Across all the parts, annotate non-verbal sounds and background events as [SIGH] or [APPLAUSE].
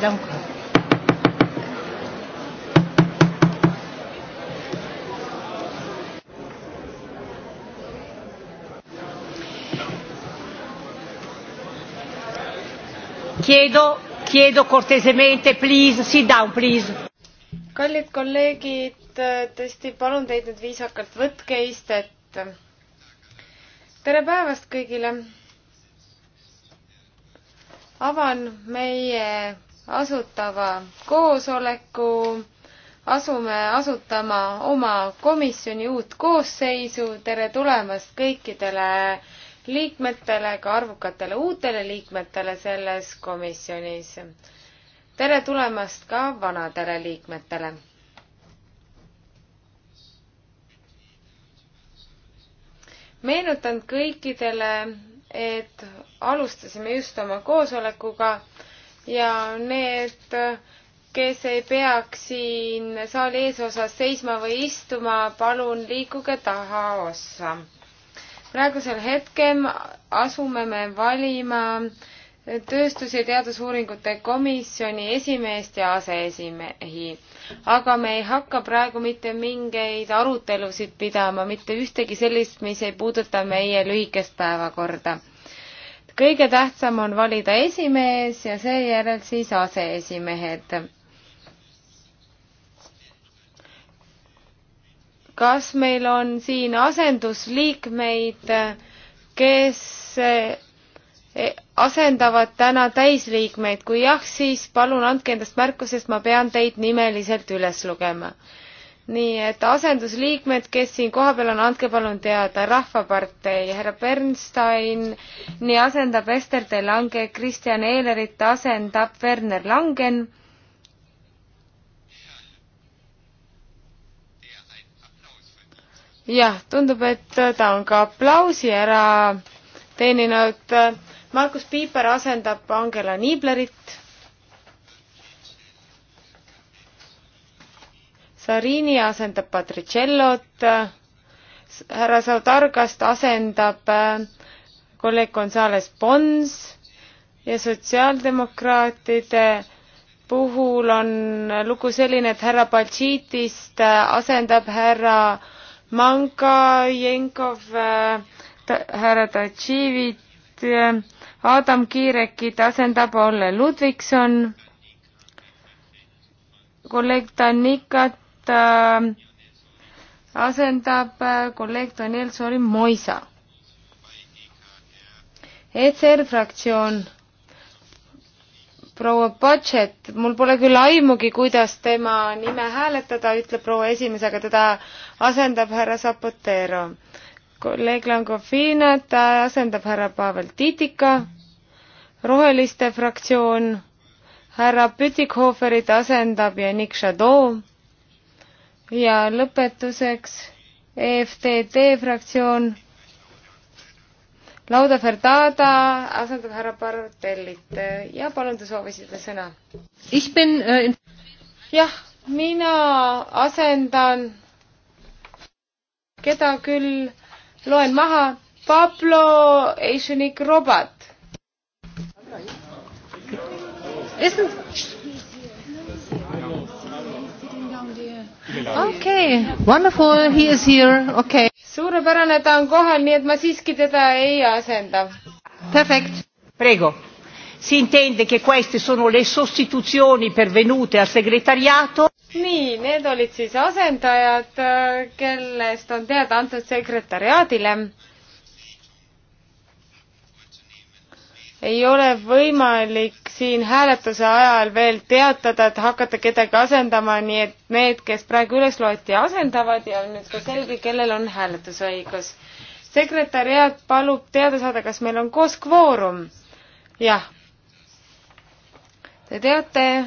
Dank u. Chiedo, chiedo cortesemente, please, sit down, please. kallid kolleegid, tõesti palun teid nüüd viisakalt, võtke istet. tere päevast kõigile avan meie asutava koosoleku. asume asutama oma komisjoni uut koosseisu. tere tulemast kõikidele liikmetele, ka arvukatele uutele liikmetele selles komisjonis. tere tulemast ka vanadele liikmetele meenutan kõikidele, et alustasime just oma koosolekuga ja need, kes ei peaks siin saali eesosas seisma või istuma, palun liikuge tahaossa. praegusel hetkel asume me valima tööstus- ja teadusuuringute komisjoni esimeest ja aseesimehi. aga me ei hakka praegu mitte mingeid arutelusid pidama, mitte ühtegi sellist, mis ei puuduta meie lühikest päevakorda kõige tähtsam on valida esimees ja seejärel siis aseesimehed. kas meil on siin asendusliikmeid, kes eh, asendavad täna täisliikmeid, kui jah, siis palun andke endast märku, sest ma pean teid nimeliselt üles lugema nii et asendusliikmed, kes siin kohapeal on, andke palun teada, Rahvapartei, härra Bernstein nii asendab Ester de Lange, Kristjan Eelerit asendab Werner Langen. jah, tundub, et ta on ka aplausi ära teeninud. Markus Piiper asendab Angela Niiblerit Sarini asendab Patricellot, härra Saudargast asendab äh, kolleeg Gonzales Pons ja sotsiaaldemokraatide puhul on lugu selline, et härra Baltšiitist äh, asendab härra Manka, Jenkov, äh, härra Tadživit, Adam Kiirekit asendab Olle Ludvikson, kolleeg Danikat Äh, asendab äh, kolleeg Daniel Sorin Moisa. ECR fraktsioon, proua Pachet, mul pole küll aimugi, kuidas tema nime hääletada, ütleb proua esimees, aga teda asendab härra Zapatero. kolleeg Langofina, ta asendab härra Pavel Titika. roheliste fraktsioon, härra Pütikhoferit asendab Janik Šadov ja lõpetuseks EFTD fraktsioon. Lauda Ferdada asendab härra Bartellit ja palun, te soovisite sõna. Äh, jah, mina asendan, keda küll loen maha, Pablo Ešenik-Robat. Isn't okei okay., wonderful, he is here, okei okay.. suurepärane, ta on kohal, nii et ma siiski teda ei asenda. Perfect. Prego. Si intende che queste sono le sostituzioni pervenute al segretariato? nii, need olid siis asendajad, kellest on teada antud sekretariaadile ei ole võimalik siin hääletuse ajal veel teatada, et hakata kedagi asendama, nii et need, kes praegu üles loeti, asendavad ja on nüüd ka selge, kellel on hääletusõigus. sekretäriaat palub teada saada, kas meil on koos kvoorum. jah. Te teate,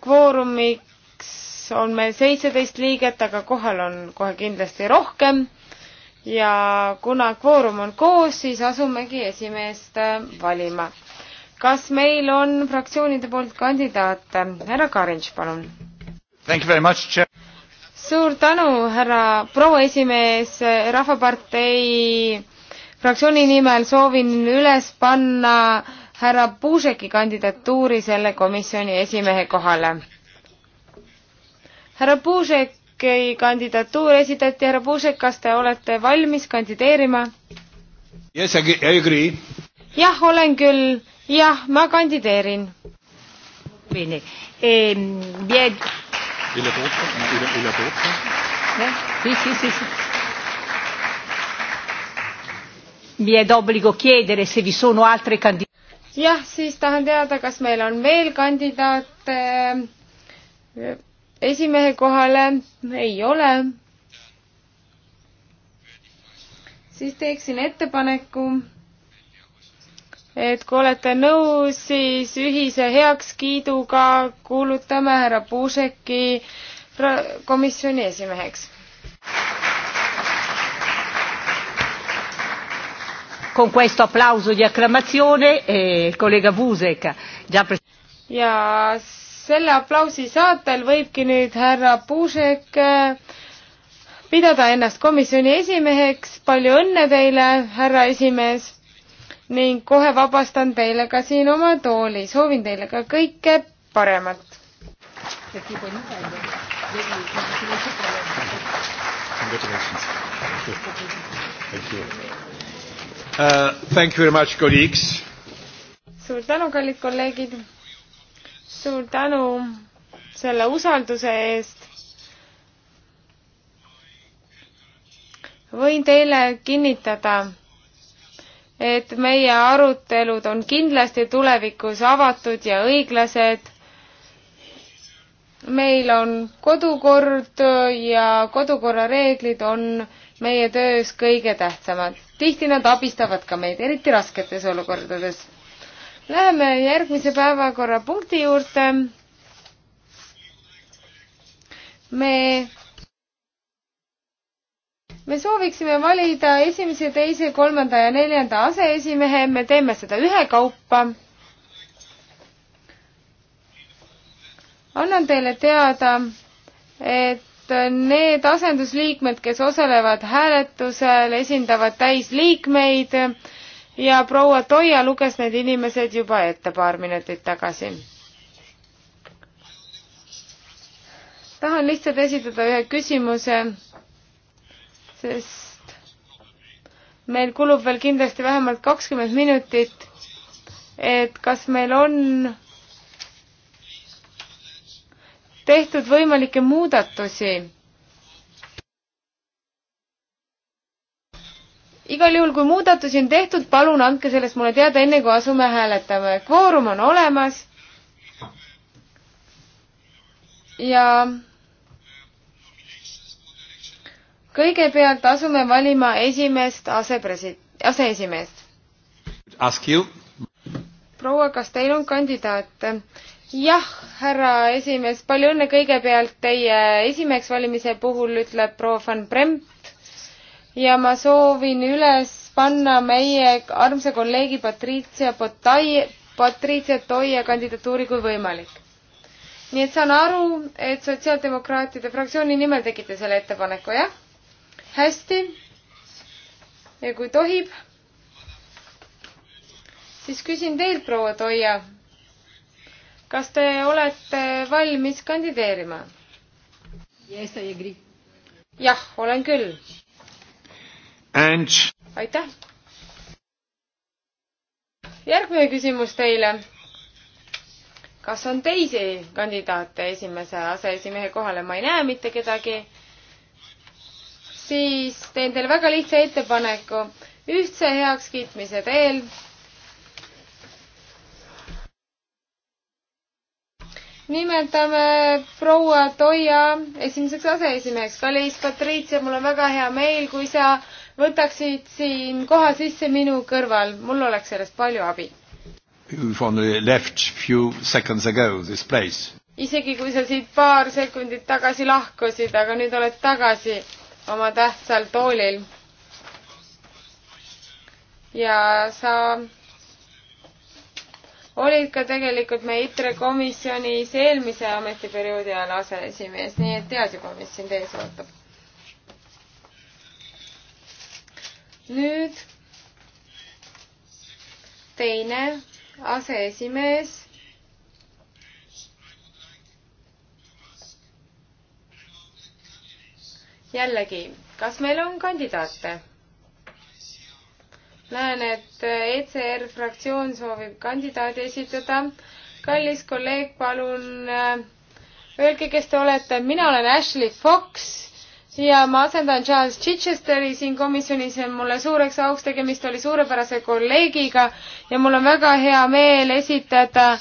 kvoorumiks on meil seitseteist liiget, aga kohal on kohe kindlasti rohkem ja kuna kvoorum on koos, siis asumegi esimeest äh, valima. kas meil on fraktsioonide poolt kandidaate? härra Karinš, palun. suur tänu, härra proua esimees, Rahvapartei fraktsiooni nimel soovin üles panna härra Puuseki kandidatuuri selle komisjoni esimehe kohale. härra Puusek Buzeki kandidatuur esitati. härra Buzek, kas te olete valmis kandideerima? Yes, I agree. jah, olen küll. jah, ma kandideerin. Bene ehm, eh,. Bien. Üle poolt, üle, üle poolt. jah, siis, siis, siis. mi è d'obbligo chiedere se vi sono altre candidature. jah, siis tahan teada, kas meil on veel kandidaate esimehe kohale, ei ole. siis teeksin ettepaneku, et kui olete nõus, siis ühise heakskiiduga kuulutame härra Puuseki komisjoni esimeheks. Con questo applauso di acclamazione eh, il collega Vusek già ja selle aplausi saatel võibki nüüd härra Puusek äh, pidada ennast komisjoni esimeheks. palju õnne teile, härra esimees ning kohe vabastan teile ka siin oma tooli. soovin teile ka kõike paremat. Uh, thank you very much, colleagues. suur tänu, kallid kolleegid suur tänu selle usalduse eest. võin teile kinnitada, et meie arutelud on kindlasti tulevikus avatud ja õiglased. meil on kodukord ja kodukorra reeglid on meie töös kõige tähtsamad. tihti nad abistavad ka meid, eriti rasketes olukordades Läheme järgmise päevakorrapunkti juurde. me, me sooviksime valida esimese, teise, kolmanda ja neljanda aseesimehe, me teeme seda ühekaupa. annan teile teada, et need asendusliikmed, kes osalevad hääletusel, esindavad täisliikmeid ja proua Toia luges need inimesed juba ette paar minutit tagasi. tahan lihtsalt esitada ühe küsimuse, sest meil kulub veel kindlasti vähemalt kakskümmend minutit, et kas meil on tehtud võimalikke muudatusi igal juhul, kui muudatusi on tehtud, palun andke sellest mulle teada, enne kui asume hääletama. kvoorum on olemas. ja kõigepealt asume valima esimest asepresi-, aseesimeest. proua, kas teil on kandidaat? jah, härra esimees, palju õnne kõigepealt teie esimeheks valimise puhul, ütleb proua Van Bremp ja ma soovin üles panna meie armsa kolleegi Patricia Potai, Patricia Toie kandidatuuri kui võimalik. nii et saan aru, et Sotsiaaldemokraatide fraktsiooni nimel tegite selle ettepaneku, jah? hästi. ja kui tohib, siis küsin teilt, proua Toia, kas te olete valmis kandideerima? jah, olen küll And... aitäh! järgmine küsimus teile. kas on teisi kandidaate esimese aseesimehe kohale? ma ei näe mitte kedagi. siis teen teile väga lihtsa ettepaneku. ühtse heakskiitmise teel nimetame proua Toia esimeseks aseesimeheks. kallis Patricia, mul on väga hea meel, kui sa võtaksid siin koha sisse minu kõrval, mul oleks sellest palju abi. You've only left few seconds ago this place. isegi kui sa siit paar sekundit tagasi lahkusid, aga nüüd oled tagasi oma tähtsal toolil. ja sa olid ka tegelikult meie ITRE komisjonis eelmise ametiperioodi ajal aseesimees, nii et tead juba, mis sind ees ootab nüüd teine aseesimees. jällegi, kas meil on kandidaate? näen, et ECR fraktsioon soovib kandidaadi esitada. kallis kolleeg, palun öelge, kes te olete. mina olen Ashley Fox ja ma asendan Charles Chichesteri siin komisjonis ja mulle suureks auks tegemist oli suurepärase kolleegiga ja mul on väga hea meel esitada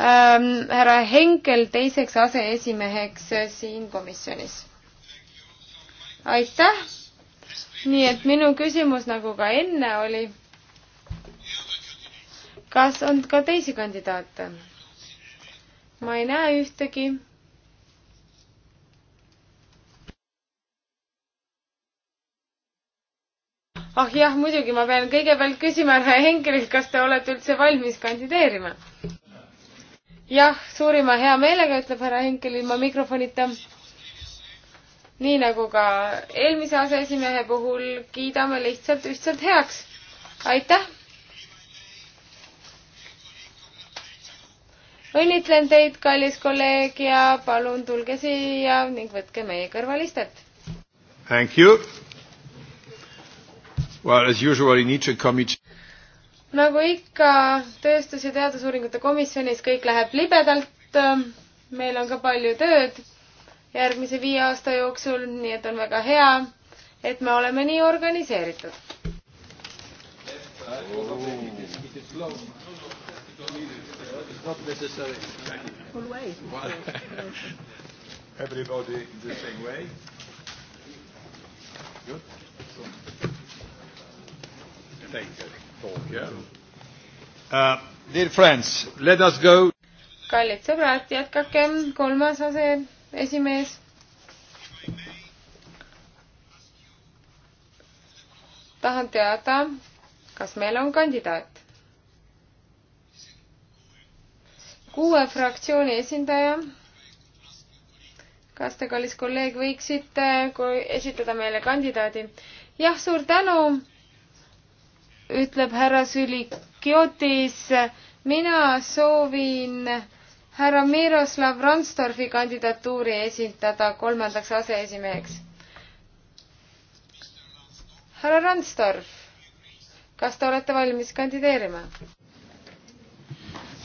ähm, härra Henkel teiseks aseesimeheks äh, siin komisjonis. aitäh! nii et minu küsimus, nagu ka enne oli, kas on ka teisi kandidaate? ma ei näe ühtegi ah oh, jah, muidugi, ma pean kõigepealt küsima härra Henkelilt, kas te olete üldse valmis kandideerima? jah, suurima heameelega, ütleb härra Henkel ilma mikrofonita. nii nagu ka eelmise aseesimehe puhul, kiidame lihtsalt ühtselt heaks. aitäh! õnnitlen teid, kallis kolleeg ja palun tulge siia ning võtke meie kõrval istet. Thank you. Well, as usual in each committee nagu ikka tööstus- ja teadusuuringute komisjonis kõik läheb libedalt. meil on ka palju tööd järgmise viie aasta jooksul, nii et on väga hea, et me oleme nii organiseeritud. Everybody the same way. Good. Uh, dear friends, let us go. kallid sõbrad, jätkakem, kolmas ase, esimees. tahan teada, kas meil on kandidaat? kuue fraktsiooni esindaja kas te, kallis kolleeg, võiksite esitada meile kandidaadi? jah, suur tänu ütleb härra Sülikiotis. mina soovin härra Miroslav Randstorfi kandidatuuri esitada kolmandaks aseesimeheks. härra Randstorf, kas te olete valmis kandideerima?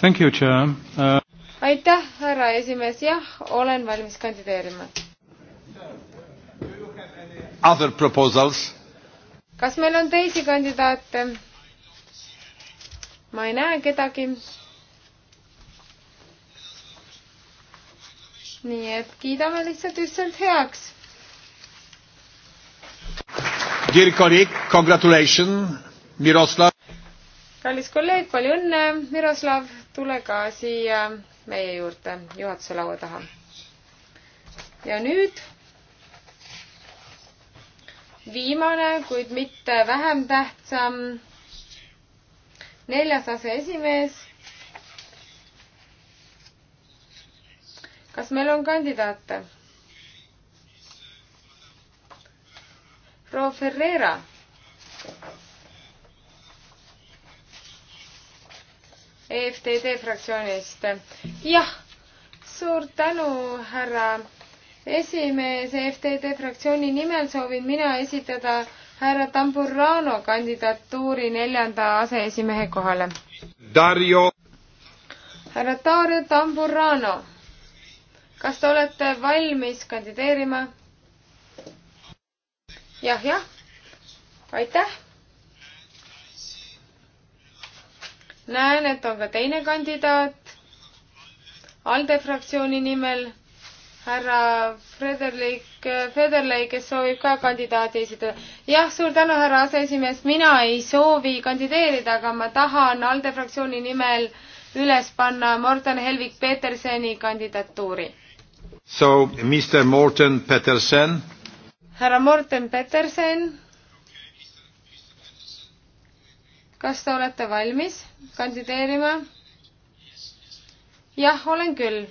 Uh... aitäh, härra esimees, jah, olen valmis kandideerima. Other proposals? kas meil on teisi kandidaate? ma ei näe kedagi. nii et kiidame lihtsalt üksteist heaks. Dear colleague, congratulations, Miroslav. kallis kolleeg, palju õnne, Miroslav, tule ka siia meie juurde juhatuse laua taha. ja nüüd viimane, kuid mitte vähem tähtsam, neljas aseesimees. kas meil on kandidaate? proua Ferreira. EFTD fraktsioonist. jah, suur tänu, härra esimees EFTD fraktsiooni nimel soovin mina esitada härra Tamburrano kandidatuuri neljanda aseesimehe kohale. Dario. härra Dario Tamburrano, kas te olete valmis kandideerima? jah, jah. aitäh. näen, et on ka teine kandidaat ALDE fraktsiooni nimel härra Frederik Federley, kes soovib ka kandidaadi esitada. jah, suur tänu, härra aseesimees, mina ei soovi kandideerida, aga ma tahan ALDE fraktsiooni nimel üles panna Morten Helvik Peterseni kandidatuuri. So Mr Morten Peterson. härra Morten Peterson. kas te olete valmis kandideerima? jah, olen küll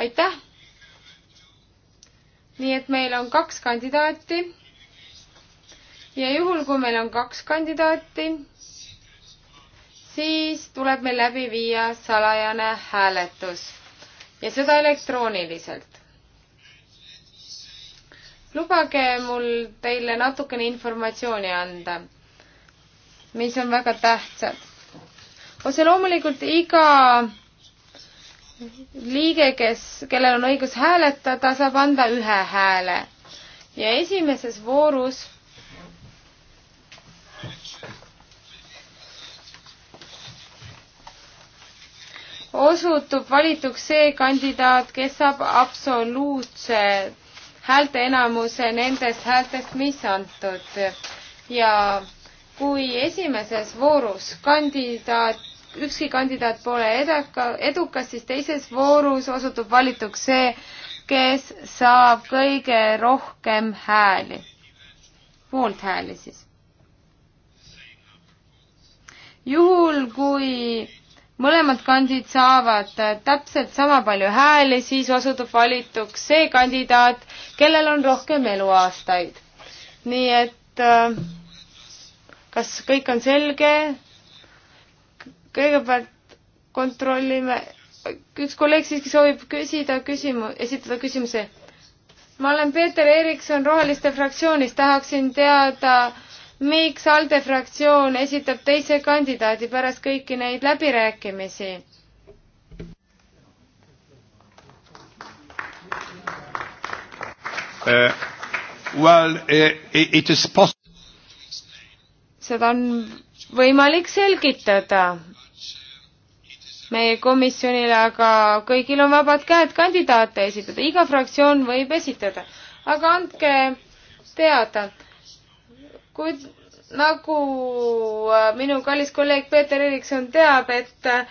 aitäh! nii et meil on kaks kandidaati. ja juhul, kui meil on kaks kandidaati, siis tuleb meil läbi viia salajane hääletus ja seda elektrooniliselt. lubage mul teile natukene informatsiooni anda, mis on väga tähtsad. otse loomulikult iga liige, kes, kellel on õigus hääletada, saab anda ühe hääle. ja esimeses voorus osutub valituks see kandidaat, kes saab absoluutse häälteenamuse nendest häältest, mis antud. ja kui esimeses voorus kandidaat ükski kandidaat pole eduka, edukas, siis teises voorus osutub valituks see, kes saab kõige rohkem hääli, poolthääli siis. juhul, kui mõlemad kandid saavad täpselt sama palju hääli, siis osutub valituks see kandidaat, kellel on rohkem eluaastaid. nii et äh, kas kõik on selge? kõigepealt kontrollime, üks kolleeg siiski soovib küsida küsimu-, esitada küsimuse. ma olen Peeter Erikson Roheliste fraktsioonist, tahaksin teada, miks ALDE fraktsioon esitab teise kandidaadi pärast kõiki neid läbirääkimisi? Uh, well, uh, it is possible. seda on võimalik selgitada, meie komisjonile, aga kõigil on vabad käed kandidaate esitada, iga fraktsioon võib esitada. aga andke teada, kui nagu äh, minu kallis kolleeg Peeter Erikson teab, et äh,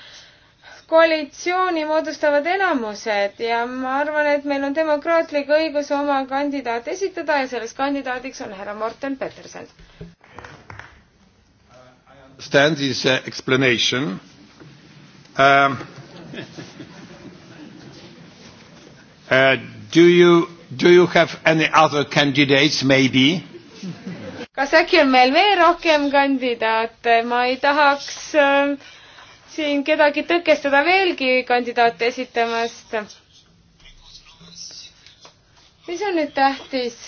koalitsiooni moodustavad enamused ja ma arvan, et meil on demokraatlik õigus oma kandidaat esitada ja selleks kandidaadiks on härra Morten Peterson. Stand this uh, explanation Um, uh, do you do you have any other candidates maybe? kas äkki on meil veel rohkem kandidaate, ma ei tahaks äh, siin kedagi tõkestada veelgi kandidaate esitamast. mis on nüüd tähtis?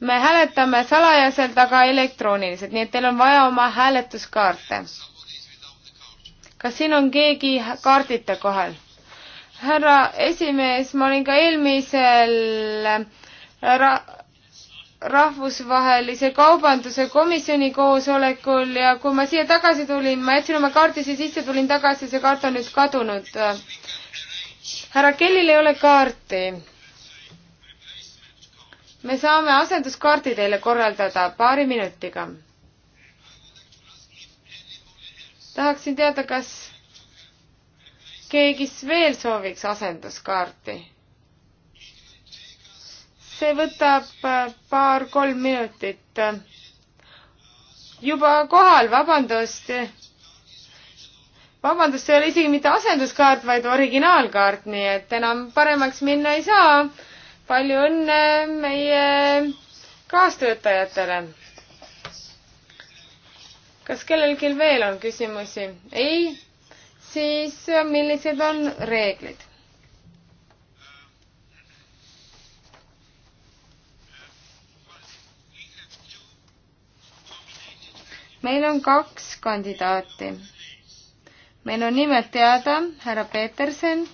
me hääletame salajaselt, aga elektrooniliselt, nii et teil on vaja oma hääletuskaarte kas siin on keegi kaardita kohal? härra esimees, ma olin ka eelmisel äh, ra-, rahvusvahelise kaubanduse komisjoni koosolekul ja kui ma siia tagasi tulin, ma jätsin oma kaardi siia sisse, tulin tagasi, see kaart on nüüd kadunud. härra Kellil ei ole kaarti. me saame asenduskaardi teile korraldada paari minutiga tahaksin teada, kas keegi veel sooviks asenduskaarti? see võtab äh, paar-kolm minutit. juba kohal, vabandust. vabandust, see ei ole isegi mitte asenduskaart, vaid originaalkaart, nii et enam paremaks minna ei saa. palju õnne meie kaastöötajatele kas kellelgi veel on küsimusi? ei? siis äh, millised on reeglid? meil on kaks kandidaati. meil on nimed teada, härra Peterson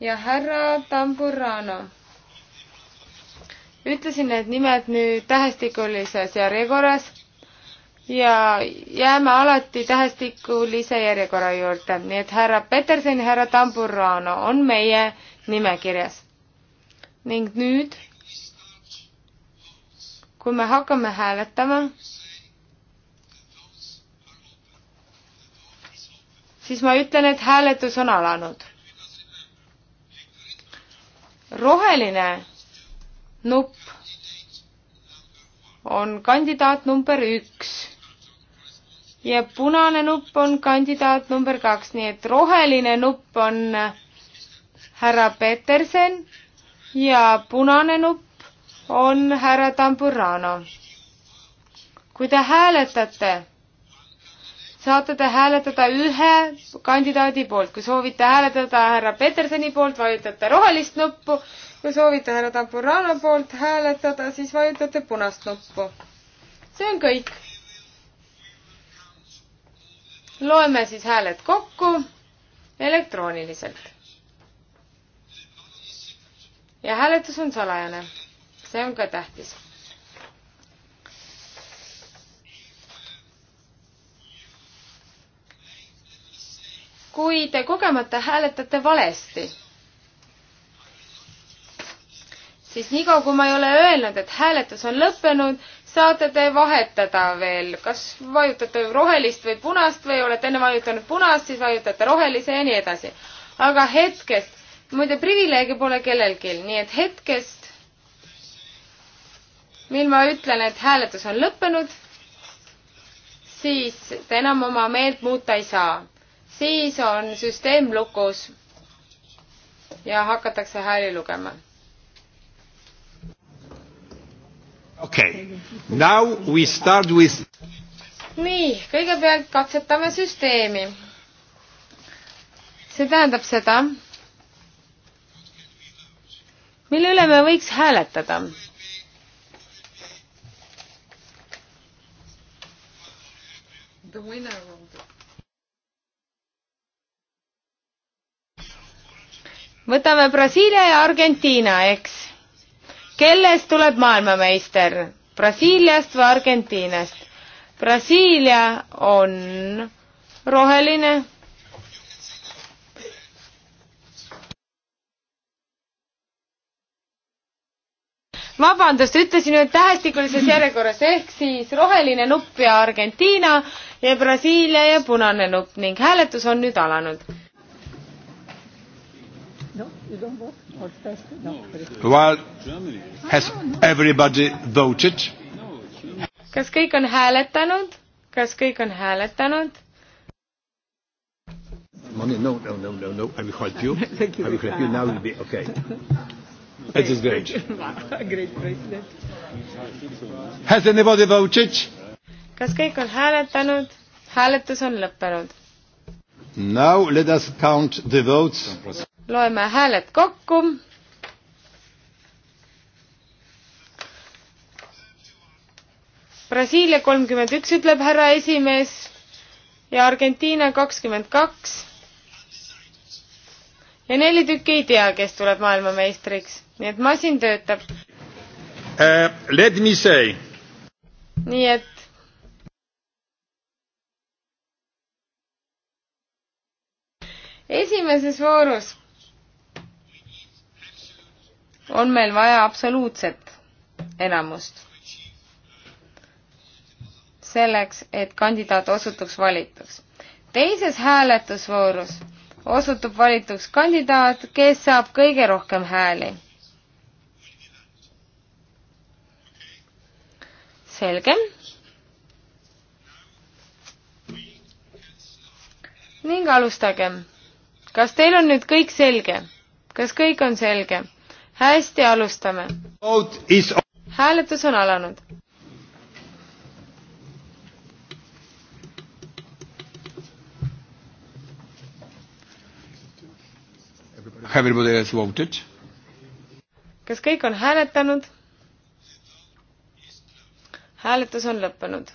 ja härra Tamburano. ütlesin need nimed nüüd tähestikulises järjekorras ja jääme alati tähestikulise järjekorra juurde, nii et härra Peterson ja härra Tamburano on meie nimekirjas. ning nüüd, kui me hakkame hääletama, siis ma ütlen, et hääletus on alanud. roheline nupp on kandidaat number üks ja punane nupp on kandidaat number kaks, nii et roheline nupp on härra Peterson ja punane nupp on härra Tamburano. kui te hääletate, saate te hääletada ühe kandidaadi poolt, kui soovite hääletada härra Petersoni poolt, vajutate rohelist nuppu, kui soovite härra Tamburano poolt hääletada, siis vajutate punast nuppu. see on kõik loeme siis hääled kokku elektrooniliselt. ja hääletus on salajane. see on ka tähtis. kui te kogemata hääletate valesti, siis niikaua, kui ma ei ole öelnud, et hääletus on lõppenud, saate te vahetada veel, kas vajutate rohelist või punast või olete enne vajutanud punast, siis vajutate rohelise ja nii edasi. aga hetkest, muide privileege pole kellelgi, nii et hetkest, mil ma ütlen, et hääletus on lõppenud, siis te enam oma meelt muuta ei saa. siis on süsteem lukus ja hakatakse hääli lugema okei okay., now we start with. nii, kõigepealt katsetame süsteemi. see tähendab seda, mille üle me võiks hääletada. The winner of the võtame Brasiilia ja Argentiina, eks kellest tuleb maailmameister? Brasiiliast või Argentiinast? Brasiilia on roheline. vabandust, ütlesin nüüd tähestikulises järjekorras, ehk siis roheline nupp ja Argentiina ja Brasiilia ja punane nupp ning hääletus on nüüd alanud No, you don't vote for test? No. Well, has everybody voted? kas kõik on hääletanud? kas kõik on hääletanud? Money, no, no, no, no, no, I will help you. [LAUGHS] Thank you. I will help you now, will be okay. That [LAUGHS] is great. great president. Has anybody voted? kas kõik on hääletanud? hääletus on lõppenud. Now let us count the votes loeme hääled kokku. Brasiilia kolmkümmend üks, ütleb härra esimees ja Argentiina kakskümmend kaks. ja neli tükki ei tea, kes tuleb maailmameistriks, nii et masin töötab uh,. Let me say. nii et esimeses voorus on meil vaja absoluutset enamust selleks, et kandidaat osutuks valituks. teises hääletusvoorus osutub valituks kandidaat, kes saab kõige rohkem hääli. selge. ning alustagem. kas teil on nüüd kõik selge? kas kõik on selge? hästi, alustame. hääletus on alanud. kas kõik on hääletanud? hääletus on lõppenud.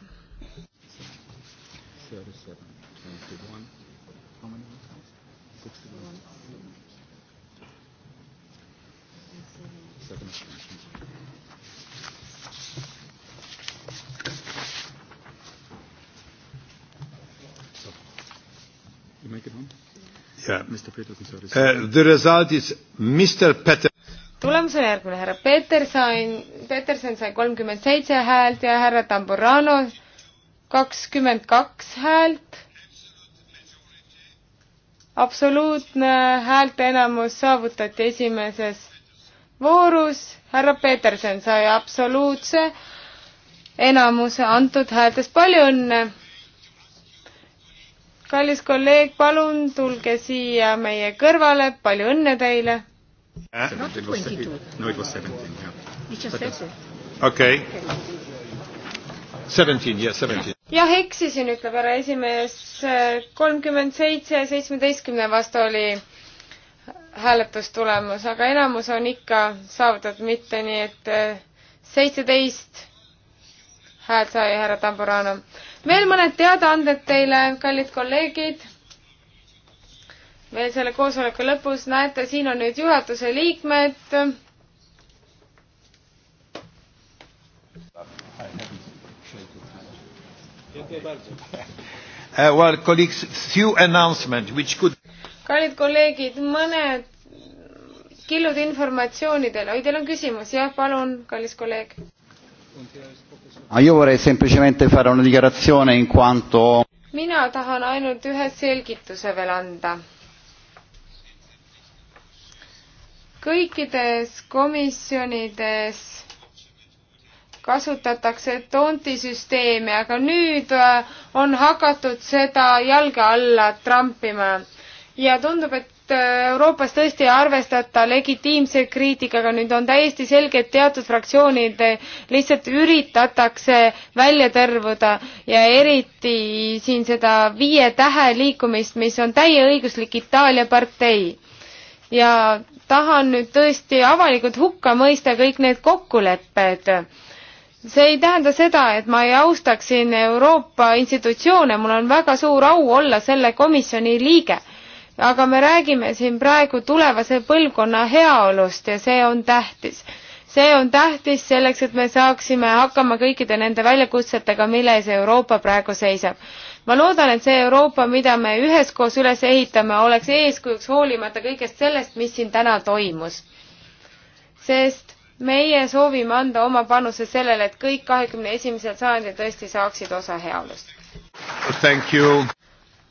make it one? Yeah. Mr. Peterson, sorry. Uh, the result is Mr. Peter. tulemus on järgmine, härra Peterson, Peterson sai kolmkümmend seitse häält ja härra Tamburano kakskümmend kaks häält. absoluutne häälte enamus saavutati esimeses voorus, härra Peterson sai absoluutse enamuse antud häältest. palju õnne kallis kolleeg, palun tulge siia meie kõrvale, palju õnne teile. Eh? Uh, okei. jah, eksisin, ütleb härra esimees, kolmkümmend seitse seitsmeteistkümne vastu oli hääletustulemus, aga enamus on ikka saavutatud mitte, nii et eh, seitseteist häält sai härra Tamburano veel mõned teadaanded teile, kallid kolleegid veel selle koosoleku lõpus, näete, siin on nüüd juhatuse liikmed. Uh, kallid kolleegid, mõned killud informatsiooni teile. oi, teil on küsimus, jah, palun, kallis kolleeg. Ah, mina tahan ainult ühe selgituse veel anda. kõikides komisjonides kasutatakse tontisüsteemi, aga nüüd äh, on hakatud seda jalge alla trampima ja tundub, et Äh, Euroopas tõesti ei arvestata legitiimse kriitikaga, nüüd on täiesti selge, et teatud fraktsioonid lihtsalt üritatakse välja tõrvuda ja eriti siin seda viie tähe liikumist, mis on täieõiguslik Itaalia partei. ja tahan nüüd tõesti avalikult hukka mõista kõik need kokkulepped see ei tähenda seda, et ma ei austaks siin Euroopa institutsioone, mul on väga suur au olla selle komisjoni liige aga me räägime siin praegu tulevase põlvkonna heaolust ja see on tähtis. see on tähtis selleks, et me saaksime hakkama kõikide nende väljakutsetega, mille ees Euroopa praegu seisab. ma loodan, et see Euroopa, mida me üheskoos üles ehitame, oleks eeskujuks hoolimata kõigest sellest, mis siin täna toimus. sest meie soovime anda oma panuse sellele, et kõik kahekümne esimesel sajandil tõesti saaksid osa heaolust.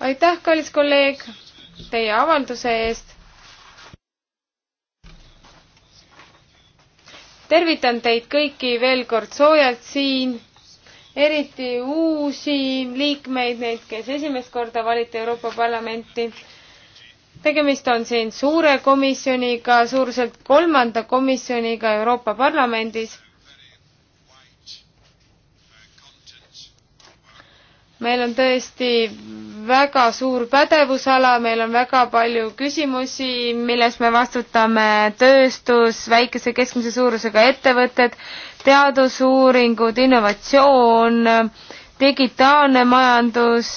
aitäh, kallis kolleeg! teie avalduse eest. tervitan teid kõiki veel kord soojalt siin, eriti uusi liikmeid, neid, kes esimest korda valiti Euroopa Parlamenti tegemist on siin suure komisjoniga, suuruselt kolmanda komisjoniga Euroopa Parlamendis meil on tõesti väga suur pädevusala, meil on väga palju küsimusi, milles me vastutame, tööstus, väikese keskmise suurusega ettevõtted, teadusuuringud, innovatsioon, digitaalne majandus,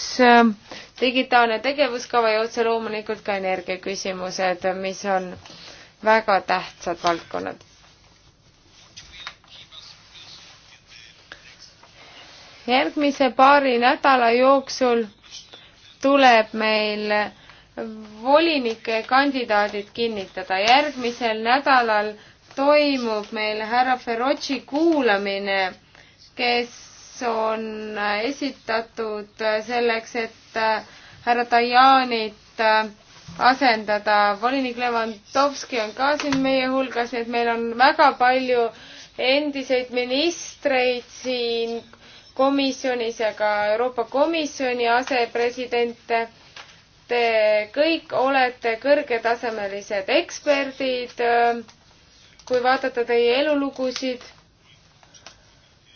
digitaalne tegevuskava ja otse loomulikult ka energiaküsimused, mis on väga tähtsad valdkonnad järgmise paari nädala jooksul tuleb meil volinike kandidaadid kinnitada. järgmisel nädalal toimub meil härra Ferrocci kuulamine, kes on esitatud selleks, et härra Tajanit asendada. volinik Levanovski on ka siin meie hulgas, nii et meil on väga palju endiseid ministreid siin komisjonis ja ka Euroopa Komisjoni asepresidente. Te kõik olete kõrgetasemelised eksperdid, kui vaadata teie elulugusid.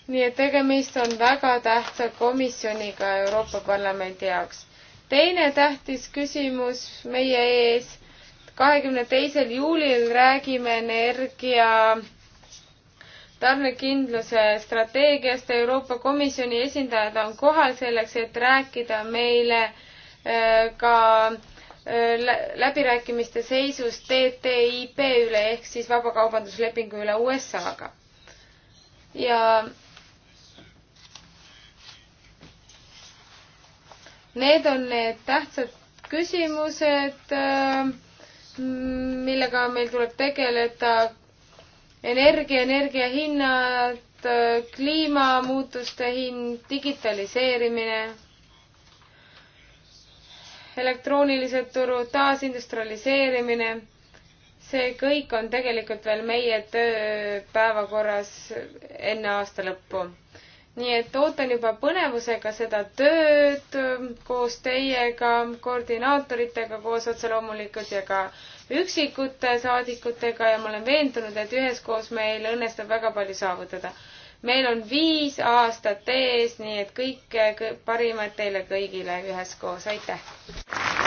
nii et tegemist on väga tähtsa komisjoniga Euroopa Parlamendi jaoks. teine tähtis küsimus meie ees, kahekümne teisel juulil räägime energia tarnekindluse strateegiast. Euroopa Komisjoni esindajad on kohal selleks, et rääkida meile äh, ka äh, läbirääkimiste seisus TTIP üle ehk siis vabakaubanduslepingu üle USA-ga. ja need on need tähtsad küsimused, äh, millega meil tuleb tegeleda energia, energiahinnad, kliimamuutuste hind, digitaliseerimine, elektroonilised turud, taasindustrialiseerimine, see kõik on tegelikult veel meie töö päevakorras enne aasta lõppu nii et ootan juba põnevusega seda tööd ähm, koos teiega, koordinaatoritega koos otse loomulikult ja ka üksikute saadikutega ja ma olen veendunud, et üheskoos meil õnnestub väga palju saavutada. meil on viis aastat ees, nii et kõike paremat teile kõigile üheskoos, aitäh!